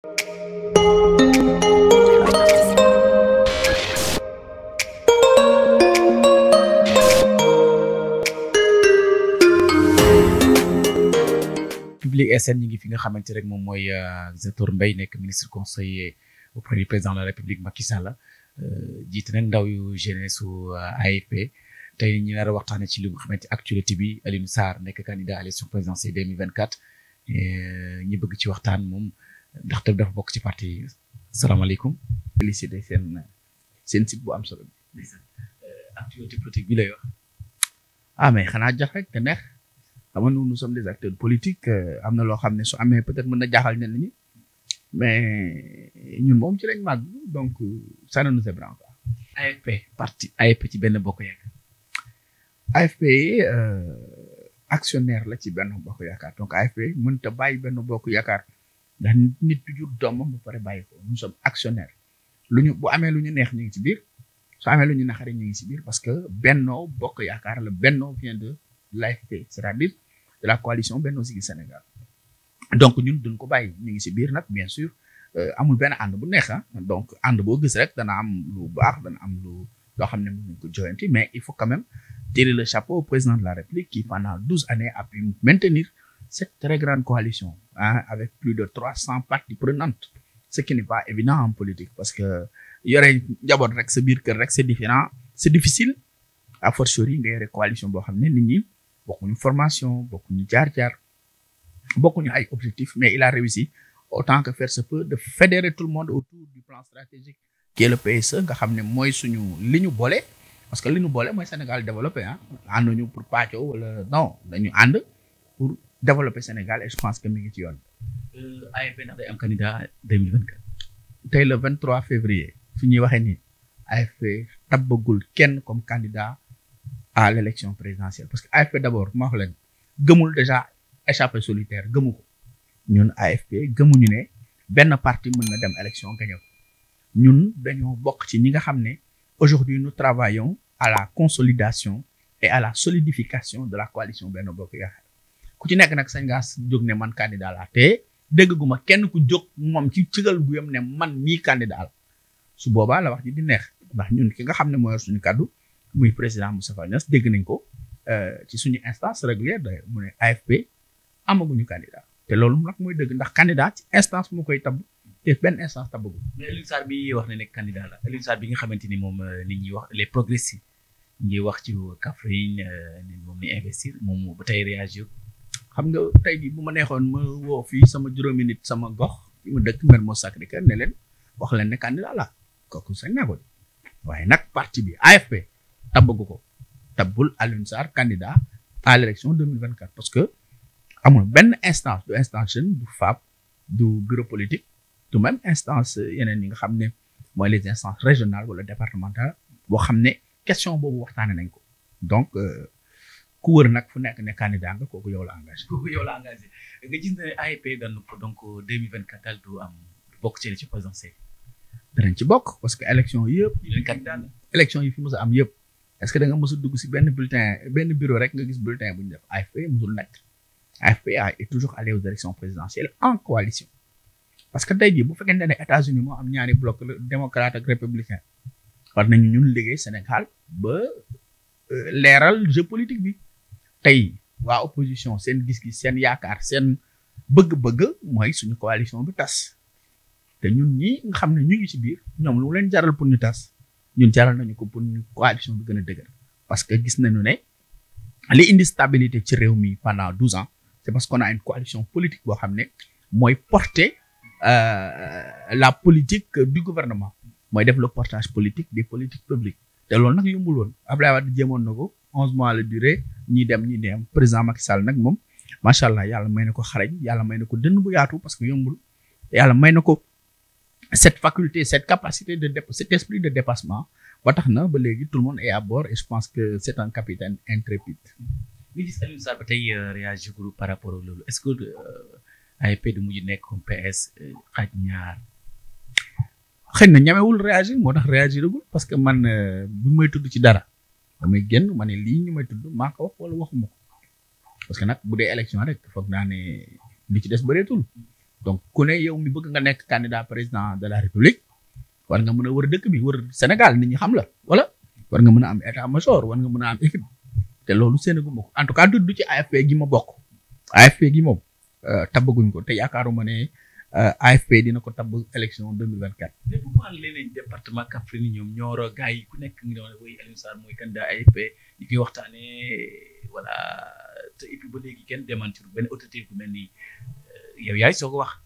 Public SN ñi ngi fi nga xamante rek moom mooy euh, Zator mbay nekk ministre conseiller auprès du président de la République Macky Sall euh, jiite nag ndaw yu jeunesse su euh, AFP tey ñu nar a waxtaane ci lu nga xamante actualité bi Alioune Sarr nekk candidat à l'élection présidentielle 2024 ñu bëgg ci waxtaan moom ndax tam dafa bokk ci parti yi salaamaaleykum félicité seen seen site bu am solo bi actualité politique bi lay wax ah mais xanaa jax kan, rek kan, eh. te neex xam nga nous sommes des acteurs politiques eh, am na loo xam ne su amee peut être mën na jaaxal ñenn ñi mais ñun moom ci lañ màgg donc euh, ça ne nous ébranle pas AFP parti AFP ci benn bokk yàgg AFP euh, actionnaire la ci benn bokk yaakaar donc AFP mënta bàyyi benn bokk yaakaar ndax nit du jur doomam ba pare bàyyi ko nous sommes actionnaires lu ñu bu amee lu ñu neex ñu ngi ci biir su amee lu ñu naxaree ñu ngi si biir parce que Benno Bokk Yaakaar la Benno vient de l'AFP c'est-à-dire de la coalition Benno Siggil Sénégal donc ñun duñ ko bàyyi ñu ngi si biir nag bien sûr euh, amul benn ànd bu neex ah donc ànd boo gis rek dana am lu baax dana am lu loo xam ne mën nañ ko joyanti mais il faut quand même tirer le chapeau au président de la République qui a pu maintenir cette coalition Hein, avec plus de 300 parties prenantes, ce qui n'est pas évident en politique parce que il y aurait d'abord rek sa c'est différent, c'est difficile a fortiori les coalitions a boo xam ne nit ñi bokkuñu formation d'objectifs, objectifs mais il a réussi autant que faire se peut de fédérer tout le monde autour du plan stratégique qui est le PSE nga xam ne suñu li parce que li ñu boole mooy Sénégal développé ah ànduñu pour pàccoo non dañu ànd pour développer Sénégal et je pense que mi ngi ci yoon. Euh, AFP e ndax day am candidat 2024. tey le 23 février fi ñuy waxee nii AFP e tabagul kenn comme candidat à l'élection présidentielle parce que AFP e d'abord, abord ma wax déjà échappé solitaire gëmu ko ñun AFP gëmuñu ne benn parti mën na dem élection gagné ko ñun dañoo bokk ci ñi nga aujourd'hui nous travaillons à la consolidation et à la solidification de la coalition Benno Bokk ku ci nek nak sañ jog ne man candidat té te guma kenn ku jog mom ci bu guyam ne man mi candidat la su boba la wax di di neex ndax ñun ki nga xam ne suñu kaddu muy président Moustapha Niass dégg nañ ko euh, ci suñu instance régulière da mu ne AFP ñu candidat te loolu nak moy dëgg ndax candidat ci instance mu koy tabu te ben instance bu mais Alioune Sar bi wax ne nek candidat la Alioune Sar bi nga xamante ni moom euh, nit ñi wax les progressistes ngi wax ci euh ni mom ni investir mom bu tay réagir xam nga tey jii bu ma neexoon ma woo fii sama juróomi nit sama gox fi mu dëkk Mermoz Sacré-Cœur ne leen wax leen ne candidat la kooku sañ naa ko de waaye nag parti bi AFP tabagu ko tabul Alioune Sarr candidat à l'élection 2024 parce que amul benn instance du instance jeune du FAP du bureau politique du même instance euh, yeneen yi nga xam ne mooy les instances régionales wala départementales boo xam ne question boobu waxtaane nañ ko donc. Euh, ku wër nag fu nekk ne candidat nga kooku yow la engagé. kooku yow la engagé nga gis ne AFP dañ ko donc 2024 daal du am bokk ci ci présidentiel. danañ ci bokk parce que élection yëpp. élection yi fi mos a am yëpp. est-ce que da nga mos a dugg si benn bulletin benn bureau rek nga gis bulletin bu ñu def AFP mosul nekk. AFP est toujours allé aux élections présidentielles en coalition. parce que tey jii bu fekkee ne États-Unis moo am ñaari bloc démocrate ak républicain war nañu ñun liggéey Sénégal ba euh, leeral jeu politique bi. tey waa opposition seen gis-gis seen yaakaar seen bëgg-bëgg mooy suñu coalition bi tas te ñun ñi nga xam ne ñu ngi ci biir ñoom lu leen jaral pour ñu tas ñun jaral nañu ko pour ñu coalition bi gën a dëgër parce que gis nañu ne li indi stabilité ci réew mi pendant douze ans c'est parce qu'on a une coalition politique boo xam ne mooy euh, la politique du gouvernement mooy def le portage politique des politiques publiques te loolu nag yombul woon Abdoulaye Wade jéemoon na ko 11 mois la durée ñi dem ñi dem président Macky Sall nag moom macha allah yàlla may nako xarañ yalla may nako ko bu yaatu parce que yombul yalla may nako cette faculté cette capacité de dép cet esprit de dépassement ba tax na ba légui tout le monde est à bord et je pense que c'est un capitaine intrépide. mi ministre Aliou Sall batay euh, réagir groupe par rapport au lolu est-ce que euh, AFP du mujj nek comme PS euh, xaj ñaar. xëy na ñamewul réagir moo tax réagiragul parce que man bu may tuddu ci dara damay génn ma ne lii ñu may tudd maa ko wax wala waxuma ko parce que nag bu dee élection rek foog naa ne li ci des bëreetul donc ku ne yow mi bëgg nga nekk candidat président de la république war nga mën a wër dëkk bi wër Sénégal nit ñi xam la wala war nga mën a am état major war nga mën a am équipe te loolu séenaguma eh, ko en tout cas du ci AFP gi ma bokk AFP gi moom tabaguñ ko te yaakaaruma ne Euh, AFP dina ko tabb élection 2024. mais pourquoi leneen département Kaffrine ñoom Nioro gars yi ku nekk nga ne mooy Alioune Sarr mooy candidat AFP ñu koy waxtaanee voilà te et puis ba léegi kenn démentir benn autorité ku mel ni euh, yow yaay soo ko wax.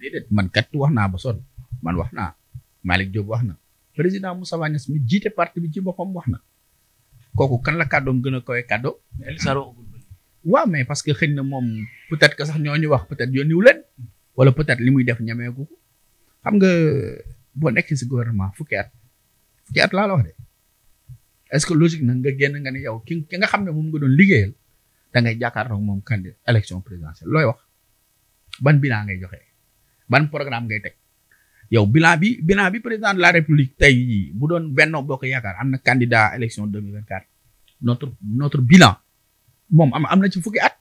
déedéet man kat wax naa ba sol man wax naa Malick Diop wax na président Moussa Niass mi jiite parti bi ci boppam wax na kooku kan la kàddoom gën a koy kàddoo. Alioune Sarr waxagul waaw mais parce que xëy na moom peut-être que sax ñoo ñu wax peut yoon yónniwu wala peut-être limuy def ñameeku xam nga bo nekk ci gouvernement fukki at fukki at laa la wax de est ce que logique na nga génn nga ne yow ki nga xam ne moom nga doon liggéeyal da ngay jàkkaarloog moom candidat élection présidentielle looy ya, wax ban bilan ngay joxe ban programme ngay teg yow bilan bi bilan bi président de la république tey jii bu doon benno bokk yaakaar am na candidat élection 2024 notre notre bilan moom am am na ci fukki at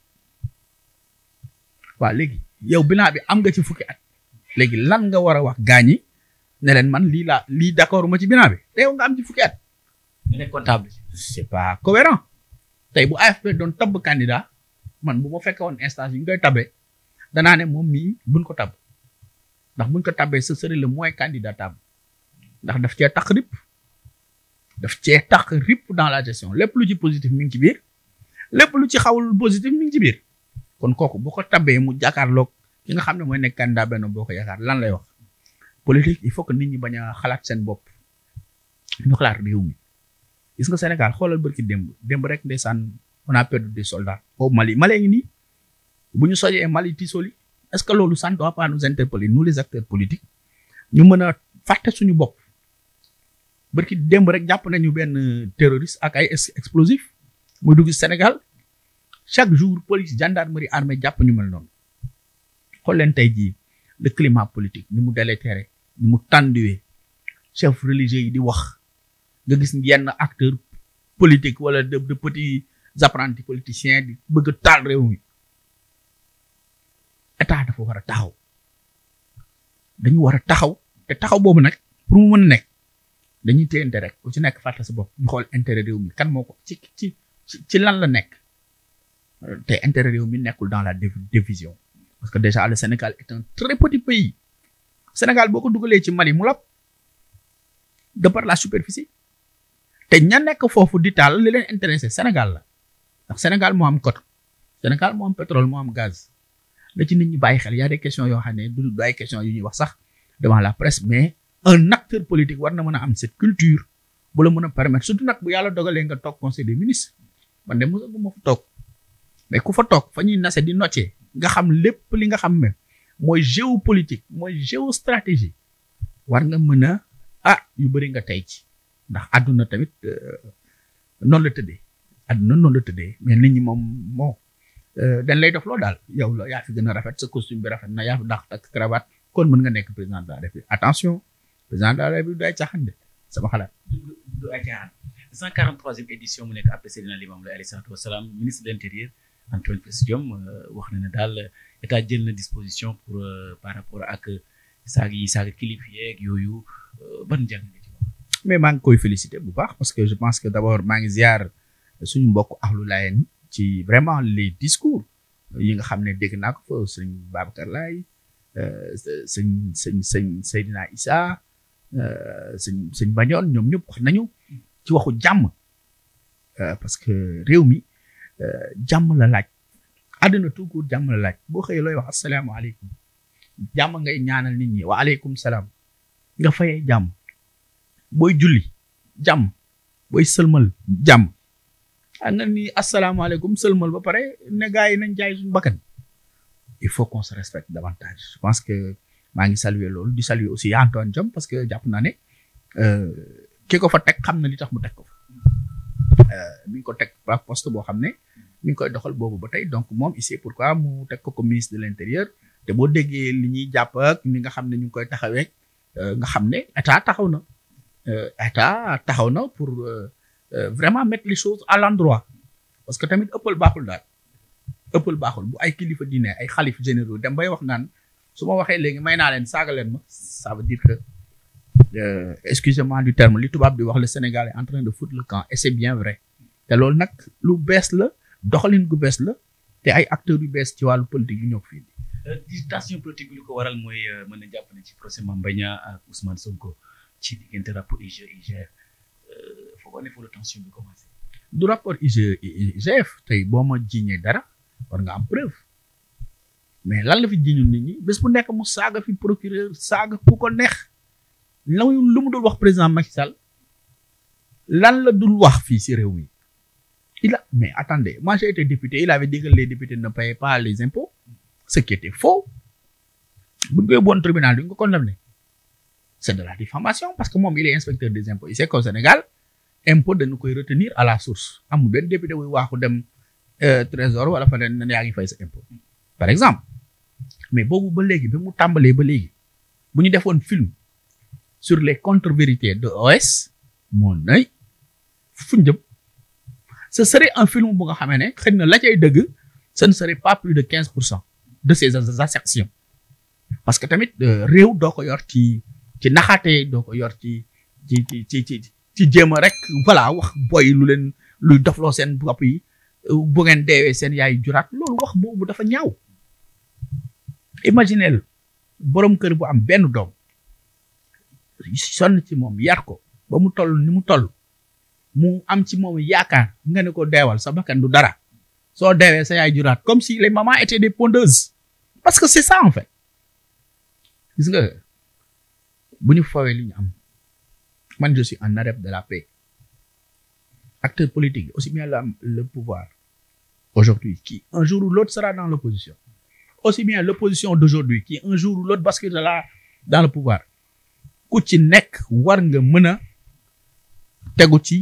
waaw léegi yow bilan bi am nga ci fukki at léegi lan nga war a wax gaañi ne leen man lii laa lii d'accord ma ci bilan bi te yow nga am ci fukki at nga nekk comptable c'est pas cohérent tey bu AFP doon tabb candidat man bu ma fekke woon instance yi ñu koy tabbee danaa ne moom mii buñ ko tabb ndax buñ ko tabbee ce serait le moins candidat tabb ndax daf cee tax rip daf cee tax rip dans la gestion lépp lu ci positif mi ngi ci biir lép lu ci xawul positif mi ngi ci biir kon koku bu ko tabee mu jàkkaarloog ki nga xamne moy mooy nekk candidat boko boo lan lay wax politique il faut que nit ñi baña xalat sen bop ñu xalat rew mi gis nga senegal xolal barki demb demb rek ndeysaan on a perdu des soldats au Mali Mali ngi nii bu ñu Mali tisoli est ce que lolu sant doit pas nous interpeller nous les acteurs politiques ñu mëna faté suñu bop barki demb rek japp nañu ben terroriste ak ay explosif muy dugg senegal chaque jour police gendarmerie armée japp ñu mel non xol leen tay ji le climat politique ni mu délétéré ni mu tanduwé chef religieux yi di wax nga gis yenn acteur politique wala de, de petits apprentis politiciens di bëgg tal réew mi état dafa wara taxaw dañu wara taxaw té taxaw bobu nak pour mu mëna nek dañuy téyante rek ku ci nek fàtte sa ñu xol intérêt réew mi kan moko ci ci ci lan la nek te intérêts réew mi nekkul dans la division parce que déjà le Sénégal est un très petit pays Sénégal boo ko dugalee ci Mali mu lab de par la superficie te ña nekk foofu di taal li leen intéressé Sénégal la ndax Sénégal moo am côte Sénégal moo am pétrole moo am gaz la ci nit ñi bàyyi xel y a des questions yoo xam ne du ay questions yu ñuy wax sax devant la presse mais un acteur politique war na mën a am cette culture bu la mën a permettre surtout nag bu yàlla dogalee nga toog conseil des ministres man de mosaguma fa toog mais ku fa toog fa ñuy nase di nocce nga xam lépp li nga xam ne mooy géopolitique mooy géostratégie war nga mën a ah yu bëri nga tey ci ndax àdduna tamit euh, noonu la tëddee àdduna noonu la tëddee mais nit ñi moom moo euh, dañ lay def loo daal yow la yaa fi gën a rafet sa costume bi rafet na yaa fi dàq takk cravate kon mën nga nekk président de la république attention président de la république du ay caaxaan de sama xalaat du ay caaxaan 143e édition mu nekk après Seydina Limamou Laye alayhi salatu wassalam ministre de l'intérieur Antoine Félix Diome euh, wax na ne daal état jël na disposition pour euh, par rapport ak saag yi saag kilifa yeeg yooyu euh, ban njàng nga ci mais maa ngi koy félicité bu baax parce que je pense que dabor maa ngi ziar suñu mbokk axlu laayeen ci vraiment les discours yi nga xam ne dégg naa ko fa sëñ Babacar Laye sëñ sëñ sëñ Seydina Issa sëñ sëñ Bañoon ñoom ñëpp wax nañu ci waxu jàmm parce que réew mi. jàmm la laaj àdduna tout court jàmm la laaj boo xëyee looy wax asalaamaaleykum jàmm ngay ñaanal nit ñi waaleykum salaam nga fay jàmm booy julli jàmm booy sëlmal jàmm ah nga ni asalaamaaleykum sëlmal ba pare ne gars yi nañ jaay suñu bakkan il faut qu'on se respecte davantage je pense que maa ngi saluer loolu di saluer aussi Antoine Diome parce que jàpp naa ne euh, ki ko fa teg xam na li tax mu teg ko mi euh, ngi ko teg ab poste boo xam ne mi ngi koy doxal boobu ba tey donc moom ici pourquoi mu teg ko comme ministre de l'intérieur te boo déggee li ñuy jàpp ak ni nga xam ne ñu ngi koy taxawee euh, nga xam ne état taxaw na euh, état taxaw na pour vraiment mettre les choses à l'endroit parce que tamit ëppal baaxul daal ëppal baaxul bu ay kilifa diine ay xalif généraux dem bay wax naan su ma waxee léegi may naa leen saaga leen ma ça veut dire que Euh, excusez-moi du terme li tubab di wax le Sénégal est en train de foutre le camp et c'est bien vrai te lol nak, lu bees la doxalin gu bees la te ay acteurs yu bees ci wàllu politique ñok fi. fii euh, distanciation politique lu ko waral moy meuna japp ne ci procès Mame ak Ousmane Sonko ci digënté rapport e Euh faut qu'on ne pour le tension bi commencer. du rapport IGE IGF tey bo ma jigné dara war nga am preuve mais lan la fi jiñu nit ñi bés bu nekk mu saga fi procureur saga ku ko neex la lu mu dul wax président Macky lan la du wax fii si réew mi il a mais attendez moi j'ai été député il avait dit que les députés ne payaient pas les impôts ce qui était faux bu ñu koy bon tribunal du ñu ko c'est de la diffamation parce que moom il est inspecteur des impôts il sait qu'au Sénégal impôt dañu koy retenir à la source amul benn député buy waaxu dem euh, trésor wala fa nen yaa ngi fay sa impôt par exemple mais boobu ba léegi ba mu tàmbalee ba léegi bu defoon film sur les contre-vérités de OS moom nay fuñ jëm ce serait un film bu nga xamee ne xëy na la cay dëgg seen ne serait pas plus de quinze pour cent de ces assertions parce que tamit euh, réew doo ko yor ci ci naxaate doo ko yor ci ci ci ci ci ci jéem a rek voilà wax boy lu leen luy dofloo seen bopp yi euh, bu ngeen deewee seen yaay juraat loolu wax boobu dafa ñaaw imaginez borom kër bu am benn doom comme si les mamans étaient des pondeuses parce que c'est ça en fait gis nga bu ñu li ñu am je suis un arabe de la paix acteur politique aussi bien le pouvoir aujourd'hui qui un jour ou l'autre sera dans l'opposition aussi bien l'opposition d'aujourd'hui qui un jour ou l'autre là dans le pouvoir ku ci nekk war nga mën a tegu ci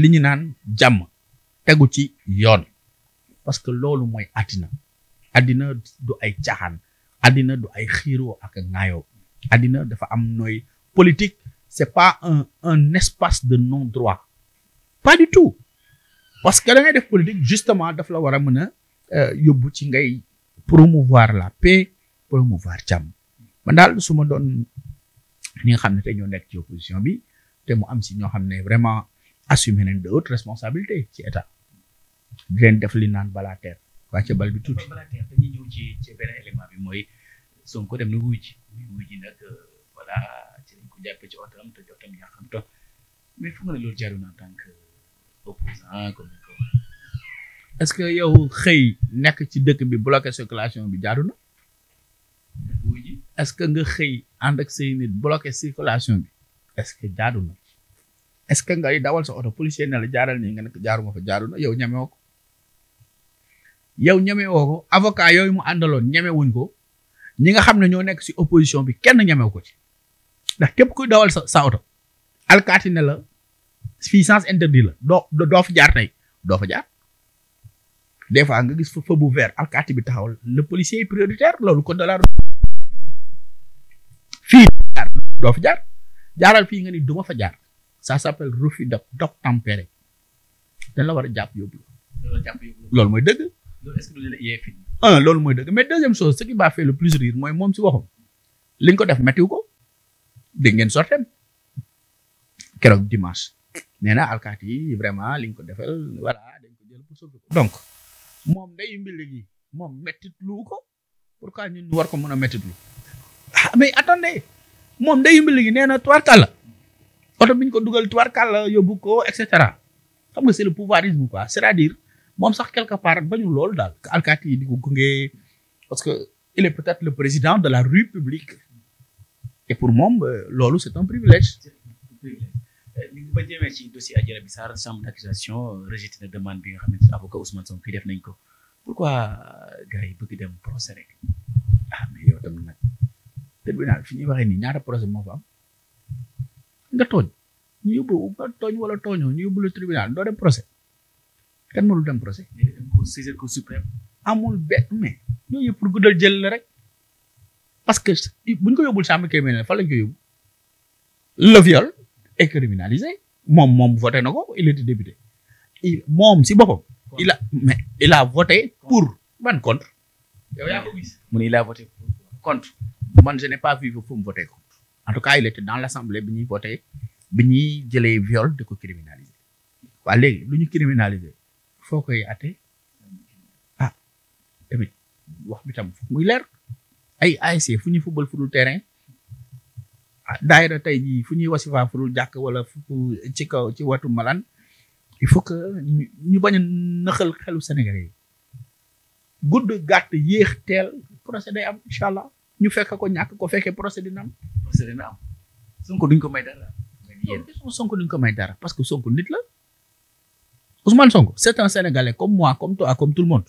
li ñu naan jàmm tegu ci yoon parce que loolu mooy àddina àddina du ay caaxaan àddina du ay xiiroo ak ŋaayoo àddina dafa am nooy politique c'est pas un un espace de non droit pas du tout parce que da ngay def politique justement daf la war a mën a euh, yóbbu ci ngay promouvoir la paix promouvoir jàmm man daal suma ñi xam ne tey ñoo nekk ci opposition bi te mu am si ñoo xam ne vraiment assumer nañ de hautes ci état di def li naan balaa teer wàcce bal bi tuuti. balaa teer dañuy ñëw ci ci beneen élément bi mooy Sonko dem na wuy ji wuy euh, ci lañ ko jàppee ci otam te jotam yaa xam est-ce que yow xëy nekk ci dëkk bi bloqué circulation bi jaarul na est-ce que nga xëy ànd ak say nit bloqué circulation bi est que jaadu na est-ce que ngay dawal sa oto policier ne la jaaral nii nga nekk jaaruma fa jaadu na yow ñemewoo ko yow ñemewoo ko avocat yooyu mu àndaloon ñemewuñ ko ñi nga xam ne ñoo nekk ci opposition bi kenn ñemewu ko ci ndax képp kuy dawal sa sa oto alkaati ne la fii sens interdit la doo doo fa jaar tey doo fa jaar des fois nga gis fa fa bu vert alkaati bi taxawal le policier est prioritaire loolu code fi jaar do fa jaar jaaral fi nga ni duma fa jaar ça s'appelle refus de tempéré dañ la war a jàpp yóbbu loolu mooy dëgg un lool moy deug mais deuxième chose ce qui va faire le plus rire moy mom ci waxam liñ ko def metti ko de ngeen sortem kéro dimanche néna alkati vraiment liñ ko defal voilà dañ ko jël pour sauver donc mom day mbili gi metti lu ko pourquoi ñun war ko mëna metti lu ah mais attendez mom day yëmbi léegi neena na tuwarkal la oto bi ko duggal tuwarkal la yóbbu ko et cetera xam nga c'est le pouvoirisme quoi c'est-à-dire mom sax quelque part bañu lol dal alkati di ko gungé parce que il est peut-être le président de la république et pour mom euh, lolou c'est un privilège euh, ni nga ba jëmee ci dossier adjara bi Sarr chambre d'accusation euh, rejeté na demande bi nga xamné avocat Ousmane Sonko def nañ ko pourquoi gars yi bëgg dem procès rek ah mais yow tam nak tribunal fi ñuy waxee nii ñaata procès moo fa am nga tooñ ñu yóbbu nga tooñ wala tooñoo ñu yóbbu la tribunal doo dem procès kan mënul dem procès. saisir cour suprême. amul benn mais yooyu yëpp pour guddal jël la rek parce que buñ ko yóbbul chambre criminelle fa lañ ko yóbbu le viol est criminalisé moom moom voté na ko il était député moom si boppam. il a mais il a voté pour ban contre. yow yaa ko gis mu ne il a voté pour contre. man je n'ai pas vu fu mu voté contre en tout cas il dans l'assemblée bi ñuy voté bi ñuy jëlee viol di ko criminaliser waa léegi lu ñu criminaliser foo koy ate ah tamit wax mi tam muy leer ay ASC fu ñuy football fu dul terrain ah, daayira tey jii fu ñuy wasifa fu dul jàkk wala fu ci kaw ci watu malan il faut que ñu bañ a nëxal xelu Sénégalais yi gudd gàtt yéex teel procédé am incha allah ñu fekk ko ñàkk ko fekkee procès dina am. procès dina am Sonko duñ ko may dara. yéen Sonko duñ ko may dara parce que Sonko nit la Ousmane Sonko c'est un Sénégalais comme moi comme toi comme tout le monde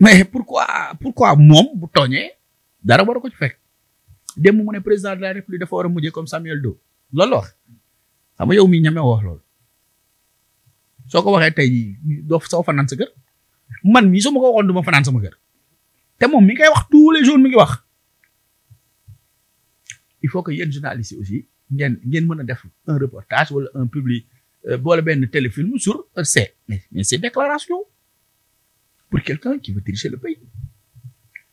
mais pourquoi pourquoi moom bu tooñee dara war ko ci fekk. démb mu ne président de la république dafa war a mujjee comme Samuel Doe loolu la wax xam nga yow mii ñame wax loolu soo ko waxee tey doo soo fanaan sa kër man mii su ma ko waxoon du ma fanaan sama kër te moom mi ngi koy wax tous les jours mi ngi wax il faut que des journalistes aussi ngeen ngeen mën def un reportage wala un public euh, boole benn téléfilm sur c'est, mais ces déclarations pour quelqu'un qui veut diriger le pays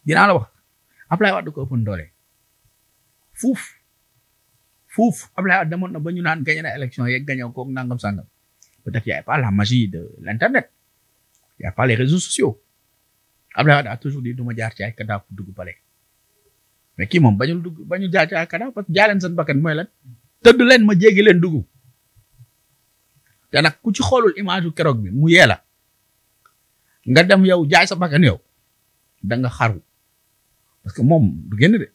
dinaa la wax Ablaye Wade ko ëppoon doole Fouf, fouf. Ablaye Wade demoon na ba ñu naan gagné na élection yeeg gagné koog nangam sangam peut-être y a pas la magie de l'internet y a pas les réseaux sociaux Ablaye Wade a toujours dit du ma jaar ci ay kadaaf dugg pale mais kii moom bañul dugg bañu jaay ak kanam parce que jaay bakkan moy lan tëdd len ma jéggi len dugg te nak ku ci xolul image kérok bi mu yela nga dem yow jaay sa bakkan yow da nga xaru parce que mom du genn de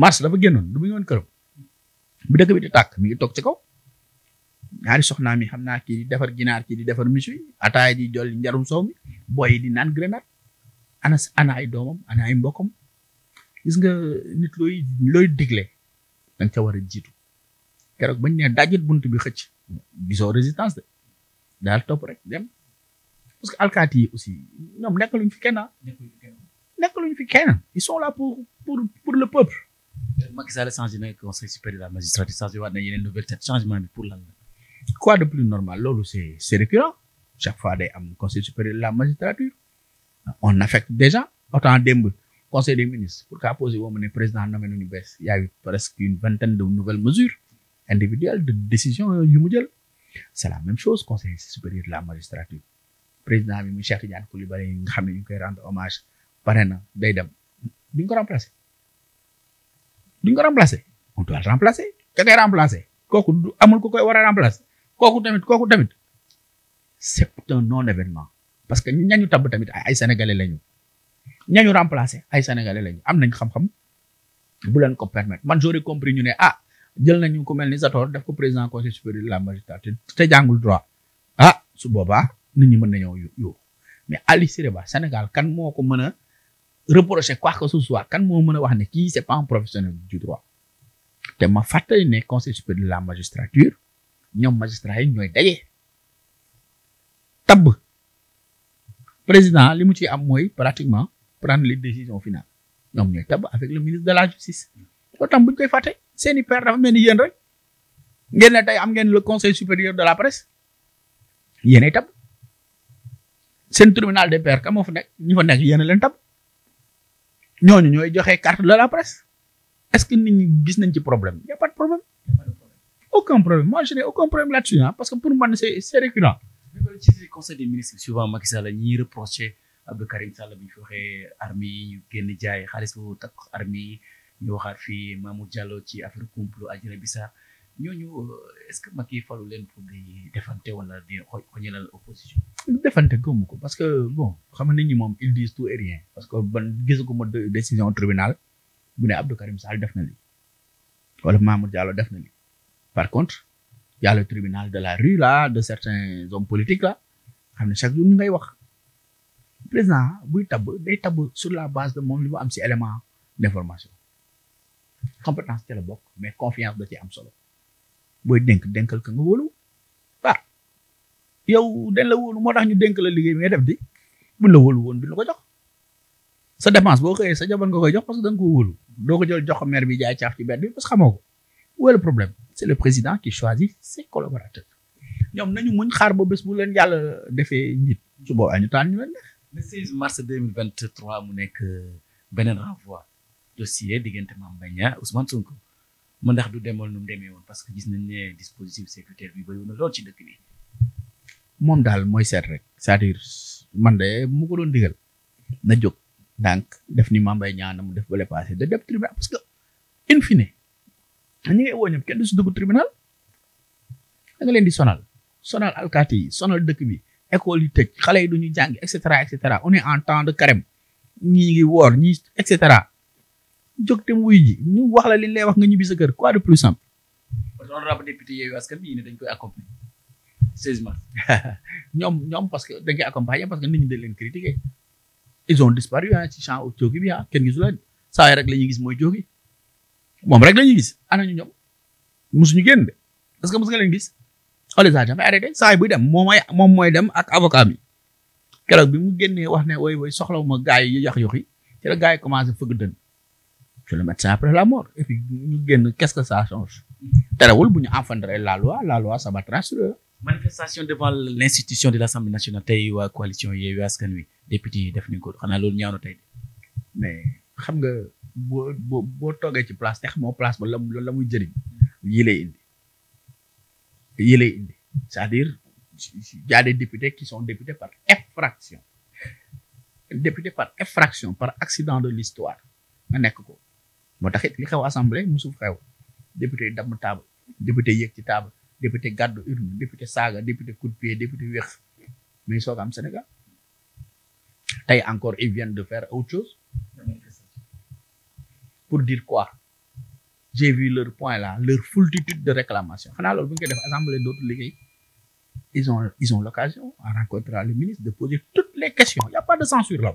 mars dafa gennon du mu ngi woon këram bi di tak mi ngi toog ci kaw ñaari soxna mi xamna ki di defar ginar ki di defar misuy ataay di jol njarum soomi boy di nan grenade anas anaay domam anaay mbokam gis nga nit looy looy digle da nga ca war a jiitu keroog bañ ne dajit bunt bi xëcc gisoo résistance de daal topp rek dem parce que alkaati yi aussi ñoom nekk luñ fi kenn ah. nekk luñ fi kenn ils sont là pour pour pour le peuple. Macky Sall changé na conseil supérieur de la magistrature changé waat na yeneen nouvelle tête changement bi pour lan la. quoi de plus normal loolu c' est c' est récurrent chaque fois day am conseil supérieur de la magistrature on affecte déjà autant démb. Conseil des ministres pour qu'apposer au mener président nommé nañu bess il y a eu presque une vingtaine de nouvelles mesures individuelles de décision yu mu jël c'est la même chose conseil supérieur de la magistrature président bi mu Cheikh diane Koulibaly nga xam ñu koy rendre hommage paré na day dem duñ ko remplacer duñ ko remplacer on doit remplacer ka koy remplacer kooku amul ku koy wara remplacer kooku tamit kooku tamit c'est un non événement parce que ñañu tab tamit ay sénégalais lañu ñañu remplacer ay sénégalais lañu am nañ xam-xam bu leen ko permettre man j'aurais compris ñu ne ah jël nañu ko mel ni sa Zator def ko président conseil supérieur de la magistrature te jàngul droit ah su boobaa nit ñi mën nañoo yóbbu mais Ali Ciré Sénégal kan moo ko mën a reprocher quoi que ce soit kan moo mën a wax ne kii c'est pas un professionnel du droit te ma fàttali ne conseil supérieur de la magistrature ñoom magistrat yi ñooy daje tabb président li ci am mooy pratiquement. prendre les décisions finales ñoom ñooy tab avec le ministre de la justice loolu tam bu ñu koy fàtte seen i père dafa mel ni rek ngeen ne tey am ngeen le conseil supérieur de la presse yen ay tab seen tribunal per pairs ka moo fa nekk ñu fa nekk yéen a leen tab ñooñu ñooy joxe carte de la presse est-ce que nit ñi gis nañ ci problème y a pas de problème aucun problème moi je n'ai aucun problème là-dessus parce que pour man c'est c'est récurrent. conseil des ministres souvent Abdou Karim Sall bi ñu fi waxee armée yi ñu génn jaay xaalis bu takk armée yi ñu waxaat fii Mamour ci affaire complot Guinée Bissau ñooñu euh, est-ce que Macky falu leen pour di defante wala di defante gëmu ko parce que bon xam nga nit ñi moom ils disent tout et rien parce que ban gisaguma décision tribunal mu ne Abdou Karim Sall def na li wala Mamour Diallo def na li par contre y tribunal de la rue là de certains hommes politiques là xam ne chaque jour ñu ngay wax. président bu tab day tab sur la base de mom li am ci élément d'information compétence té la bok mais confiance da ci am solo boy denk denkal ka nga wolu ba yow den la wolu motax ñu denk la liggéey mais def di bu la wolu won duñ la ko jox sa dépense boo xey sa jabon nga koy jox parce que da ko wolu do ko jël jox maire bi jaay caaf ci bedd bi parce que xamoo ko le problème c'est le président qui choisit ses collaborateurs ñom nañu muñ xaar ba bés bu leen yàlla defee njiit su boobaa ñu tan ñu leen neex le 16 mars 2023 mu ke beneen renvoi dossier diggante Mame Mbaye Niang Ousmane Sonko ma ndax du demoon nu mu demee woon parce que gis nañ ne dispositif sécuritaire bi bëriwoon na lool ci dëkk bi. moom daal mooy seet rek c'est-à-dire man de mu ko doon digal na def ni Mame Mbaye na mu def ba passé da dem tribunal parce que in fine ñi ngay woo kenn du dugg tribunal nga leen di sonal sonal alkati sonal dëkk bi. école yi tëj xale yi duñu jàng et cetera et cetera on est en temps de carême ñii ngi woor ñii et cetera jóg te wuy ji ñu wax la li lay wax nga ñibbi sa kër quoi de plus simple. honorable député Yewwi Askan Wi ne dañ ñoom ñoom parce que dañ koy accompagner parce que nit ñi dañ leen critiquer ils ont disparu ah ci champ Jóogi bi ah kenn gisul saa yi rek la ñuy gis mooy Jóogi moom rek la ñuy gis ana ñu ñoom mosuñu génn de est-ce que gis. Oly Sarr dafay arrêté saa buy dem moom mooy moom mooy dem ak avocat bi keroog bi mu génnee wax ne woy woy soxlawuma gars yi yax yoxi ci la gars yi commencé fëgg dën c'est le médecin après la mort et puis qu'est-ce que ça change terewul bu ñu enfreindre la loi la loi ça va transiter manifestation devant l'institution de l'Assemblée nationale tey waa coalition Yewwi Askan Wi député yi def nañ ko xanaa loolu ñaaw na tey mais xam nga boo boo boo toogee ci place te xamoo place ba la la muy jëriñ yii yi lay indi c'est-à-dire y a des députés qui sont par effraction député par effraction par accident de l'histoire nga nekk ko moo taxit li xew assemblée musul xew député yi damm table député yéeg ci table député gàddu urne député saaga député coup de pied député wéex mais soog am Sénégal tey encore ils viennent de faire autre chose pour dire quoi j'ai vu leur point là leur foultitude de réclamations. Alors, vous bu ñu koy d'autres assemblée ils ont ils ont l'occasion à rencontrer le ministre de poser toutes les questions il n'y a pas de censure là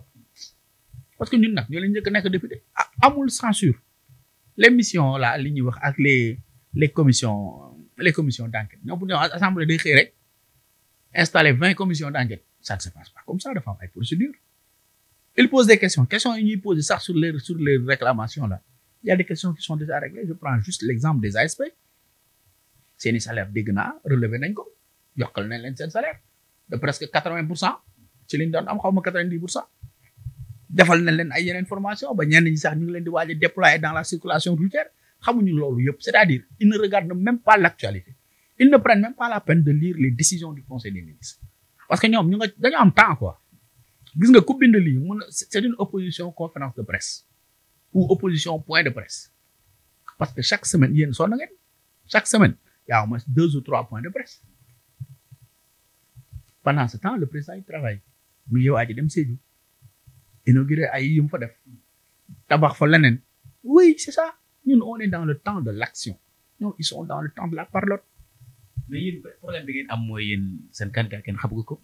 parce que nous nag sommes leen njëkk députés. député ah, amul censure les missions là li les les commissions les commissions d'enquête Nous pouvons, assembler des day installer 20 commissions d'enquête ça ne se passe pas comme ça de am ay procédures ils posent des questions questions ils posent ça sur les sur les réclamations là il y a des questions qui sont déjà réglées. Je prends juste l'exemple des ASP. un salaire dégg relevé d'un ko y a un salaire de presque 80%. c'est pour cent ci liñ doon am xaw 90%. defal des leen ay yeneen formation ba sax ñu leen di déployer dans la circulation routière xamuñu loolu yëpp c'est-à-dire ils ne regardent même pas l'actualité ils ne prennent même pas la peine de lire les décisions du conseil des ministres parce que ñoom ñu nga am temps quoi gis nga ku bind lii c'est une opposition conférence de presse ou opposition point de presse parce que chaque semaine yéen sonn ngeen chaque semaine y a au moins deux ou trois points de presse pendant ce temps le président il travaille mu yow aji dem Sédhiou inauguré ay yu mu fa def tabax fa leneen oui c'est ça ñun on est dans le temps de l'action ñoom ils sont dans le temps de la parlotte mais am mooy yéen seen candidat kenn xamagu ko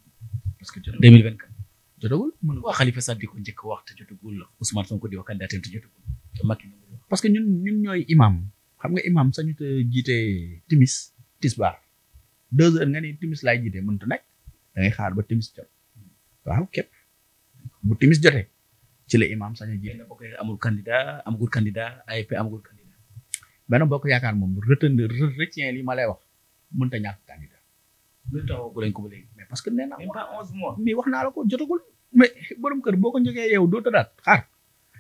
jotagul mun waa Khalifa Sall di ko njëkk wax te jotagul Ousmane Sonko di wax candidatem te jotagul te Macky parce que ñun ñun ñoy imam xam nga imam sañu te jité timis tisbar 2 heures nga ni timis lay jité mën mënta nekk da ngay xaar ba timis jot waaw kep bu timis joté ci le imam sañu na bokay amul candidat am amagul candidat am amagul candidat benn bokk yaakaar moom retien li ma lay wax mën ta ñàkk candidat lu taxawu lañ ko ba léegi mais parce que nee naa. même wax naa la ko jotagul. mais borom kër boo ko njëkkee yow doo tëddaat xaar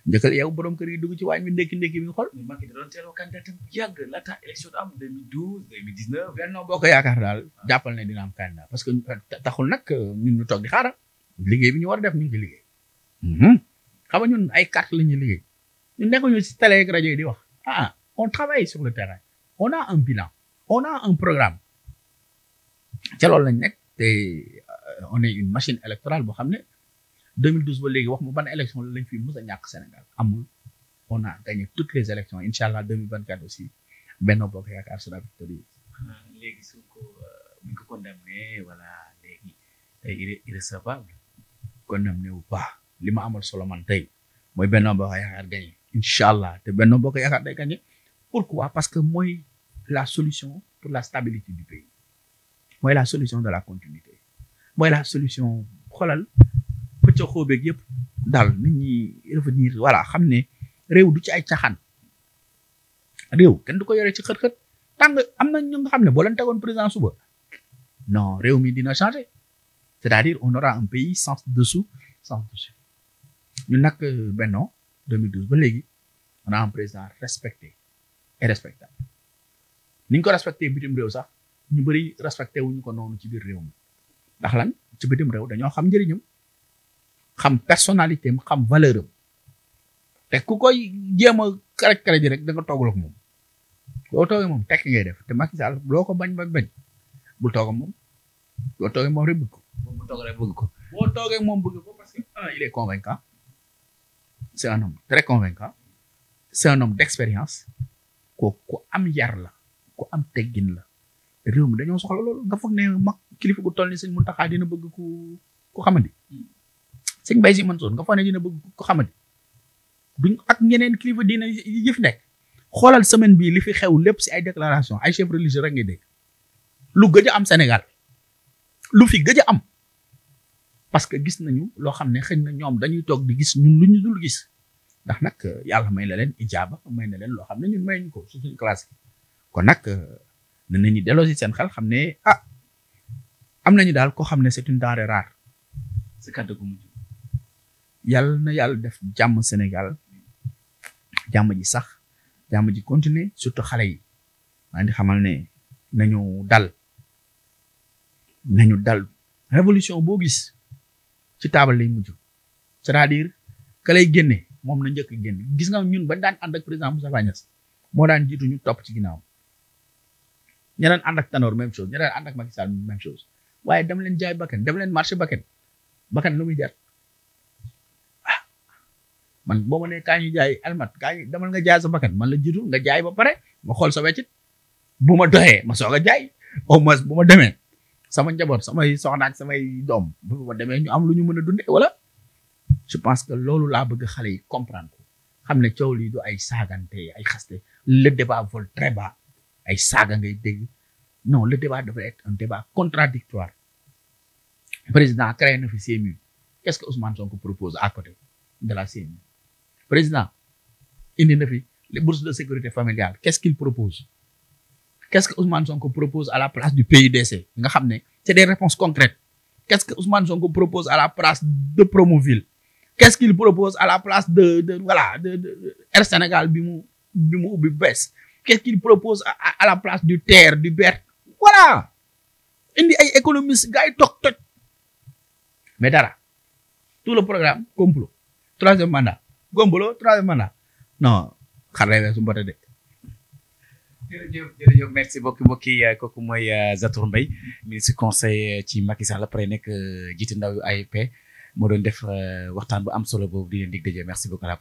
njëkkal yow borom kër yi dugg ci waañ bi ndekki ndekki bi nga xool. mais Macky da doon teeloo candidat bu yàgg laata élection am 2012 Yaakaar daal jàppal ne dina am candidat parce que taxul nag ñun ñu toog di liggéey bi ñu war a def ñu ngi liggéey. Mhm. xam nga ñun ay carte la ñuy liggéey ñu nekkuñu si télé ak rajo yi di wax ah on travaille sur le terrain on a un bilan on a un programme. ca loolu lañ nekk te euh, on est une machine électorale boo xam ne 2012 ba léegi wax mu ban élection lañ fi mës a ñàkk Sénégal amul on a gagné les élections incha allah 2024 aussi Benno Bokk Yaakaar sera victorieux. Ah, léegi su ko euh, bu ko condamné voilà léegi irrecevable condamné ou li ma amal solo man tey mooy Benno Bokk Yaakaar gagné incha allah te Benno Bokk Yaakaar day gagné pourquoi parce que mooy la solution pour la stabilité mooy la solution de la continuité mooy la solution xoolal pëcc xóobeeg yëpp daal nit ñi revenir voilà xam ne réew du ci ay caxaan réew kenn du ko yore ci xët-xët tàng am ñu nga xam bo lan leen président suba non réew mi dina changer c'est-à-dire on aura un pays sans dessous sans dessus ñu nak euh, Benno 2012 ba légui on a un président respecté et respectable ni ñu ko respecté bitim réew sax ñu bari respecté wuñu ko nonu ci bir réew mi ndax lan ci bëdëm réew dañoo xam njëriñam xam personnalité am xam valeur am te ku koy jéem a karaj ji rek da nga toogul ak moom boo toogee moom tekk ngay def te Macky Sall loo ko bañ bañ bañ bul toog ak moom boo toogee moom rek bëgg ko boo toogee rek bëgg ko boo toogee moom bëgg ko parce que ah il est convaincant c'est un homme très convaincant c'est un homme d'expérience ko ku am yar la ku am teggin la ireo amin'indray ny ansakalo aloha angafagnay makilifa ko tolny ku muntakady na bagako ko kamadi sing bayi sing mansun ngafagnay na bagako ku xamandi duñ ak ñeneen kilifa dina yëf nekk xoolal semaine bii li fi xew lépp si ay déclaration ay chef religieux rek ngay dégg lu gëj am sénégal lu fi gëj am parce que gis nañu loo xam ne xëy na ñoom dañuy toog di gis ñun lu ñu dul gis ndax nag yàlla may na leen ijaaba may na leen loo xam ne ñun ko suñu classe kon nag danañu delo si seen xel xam ne ah am nañu daal koo xam ne c'est une denrée rare si kàddu gu mujj na yàlla def jàmm Sénégal jàmm ji sax jàmm ji continuer surtout xale yi maa ngi xamal ne nañu dal nañu dal révolution boo gis ci taabal lay mujj c'est-à-dire ka lay génne moom na njëkk génne gis nga ñun bañ daan ànd ak président Moussa moo daan jiitu ñu topp ci ñeneen anak ak Tanor même chose ñeneen daan ànd ak Macky Sall même chose waaye dama leen jaay bakkan dama leen marché bakkan bakkan lu muy jar ah. man boo ma nee kaa jaay almat kaa ñu demal nga jaay sa bakkan man la jiitu nga jaay ba pare ma xool sa weccit bu ma doxee ma soog a jaay au oh, moins bu ma demee sama njaboot samay soxna ak samay doom bu ma demee ñu am lu ñu mën a dundee wala je pense que loolu laa bëgg xale yi comprendre xam ne coow lii du ay saagante ay xaste le débat vol très bas ay ngay non le débat devrait être un débat contradictoire président CMU qu'est-ce que Ousmane Sonko propose à côté de la CMU président les bourses de sécurité familiale qu'est-ce qu'il propose qu'est-ce que Ousmane Sonko propose à la place du PIDC c'est des réponses concrètes qu'est-ce que Ousmane Sonko propose à la place de Promoville qu'est-ce qu'il propose à la place de voilà de, Air Sénégal qu'est-ce qu'il propose à, à, la place du terre du bête voilà Il dit, économiste, gars toc, toc. mais dara tout le programme complot troisième mandat Gombolo, troisième mandat non xar day weesu mbota de jërëjëf jërëjëf merci beaucoup mbokk yi kooku mooy euh, Zator Mbaye ministre conseil euh, ci Macky Sall après nekk euh, ndaw moo doon def waxtaan bu am solo boobu di leen dig merci beaucoup à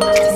la